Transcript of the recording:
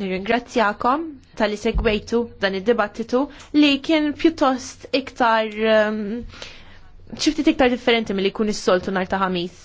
Nirringrazzjakom tal-li segwejtu dan id-dibattitu li kien pjuttost iktar xiftit um, iktar differenti mill-li kun is-soltu nar ta' ħamis.